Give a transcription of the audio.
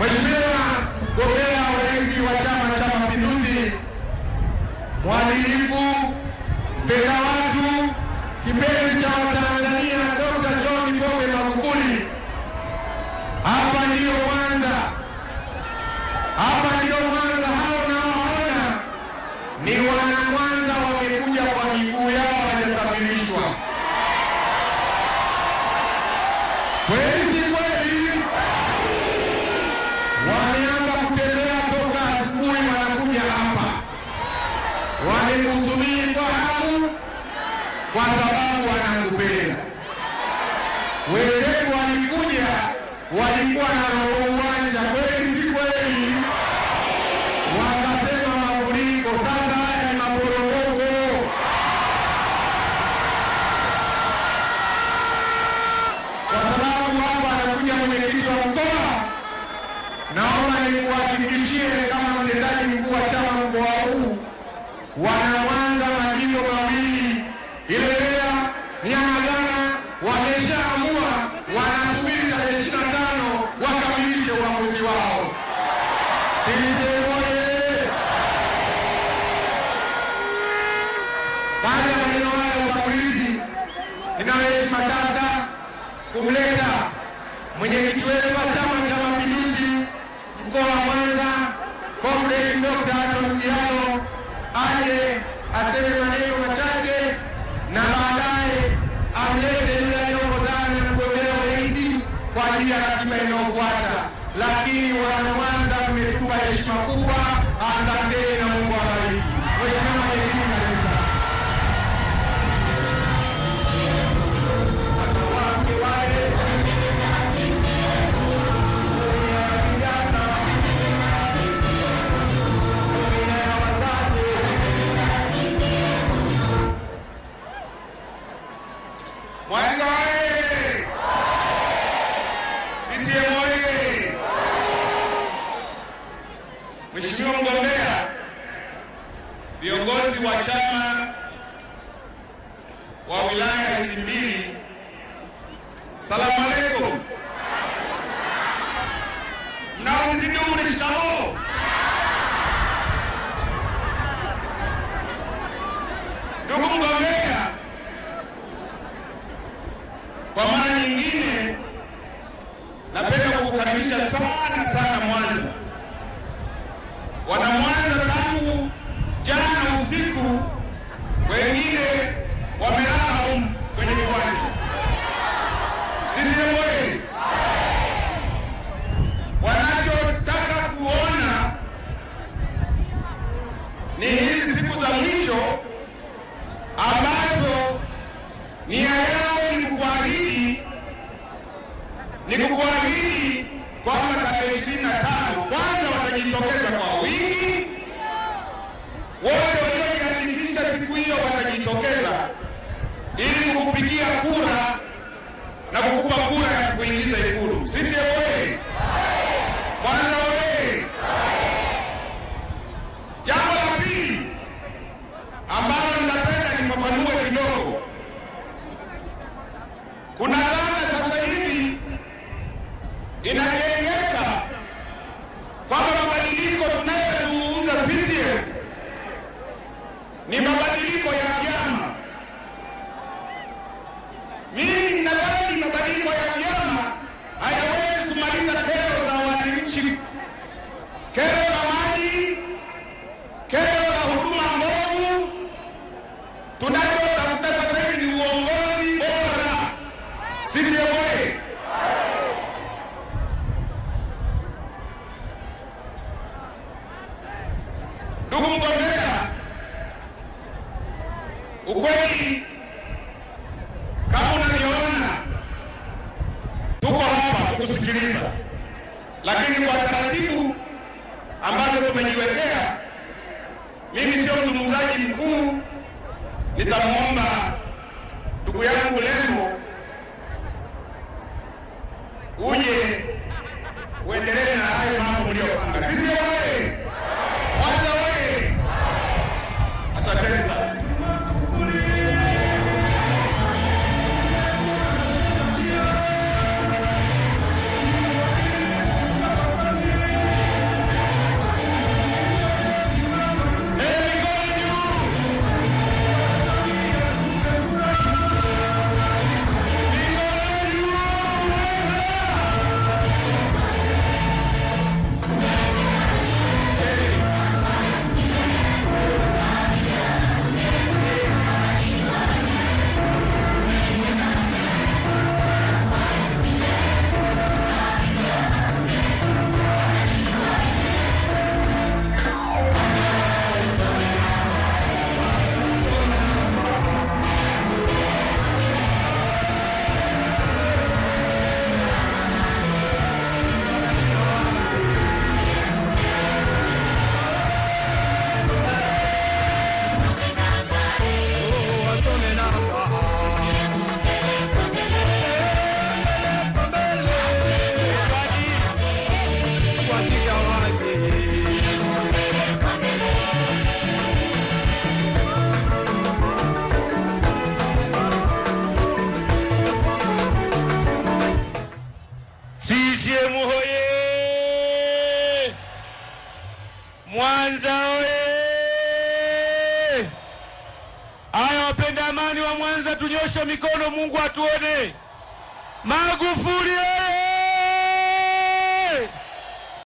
Mheshimiwa mgombea urais wa Chama cha Mapinduzi, mwadilifu, mpenda watu, kipenzi cha Watanzania, Dr. John Pombe Magufuli, hapa ndiyo kwanza hapa naomba nikuhakikishie kama mtendaji mkuu wa chama mkoa huu wana Mwanza majimbo mawili Ilelea Nyamagana wameshaamua, wanasubiri tarehe ishirini na tano wakamilishe uamuzi wao. Sisiemoye. Baada ya maneno hayo ya utangulizi, ninayo heshima sasa kumleta mwenyekiti wetu Colegio Teatro Indiano, ay, hacer viongozi wa chama wa wilaya hizi mbili, salamu alaikum. Mnaonizidi umri, shikamoo. Ndugu wengine wamelala kwenye viwanja. CCM oyee! Wanachotaka kuona ni hizi siku za mwisho ambazo nia yao ni kukuahidi, ni kukuahidi kwamba ili kukupigia kura na kukupa kura ya kuingiza Ikulu. Sisi oye! Mwanza oye! Jambo la pili ambalo ninapenda nifafanue kidogo, kuna பதில் kusikiliza, lakini kwa taratibu ambazo tumejiwekea, mimi sio mzungumzaji mkuu. Nitamwomba ndugu yangu Lemo uje uendelee Mwanza oye! Haya, wapenda amani wa Mwanza, tunyoshe mikono, Mungu atuone. Magufuli oye!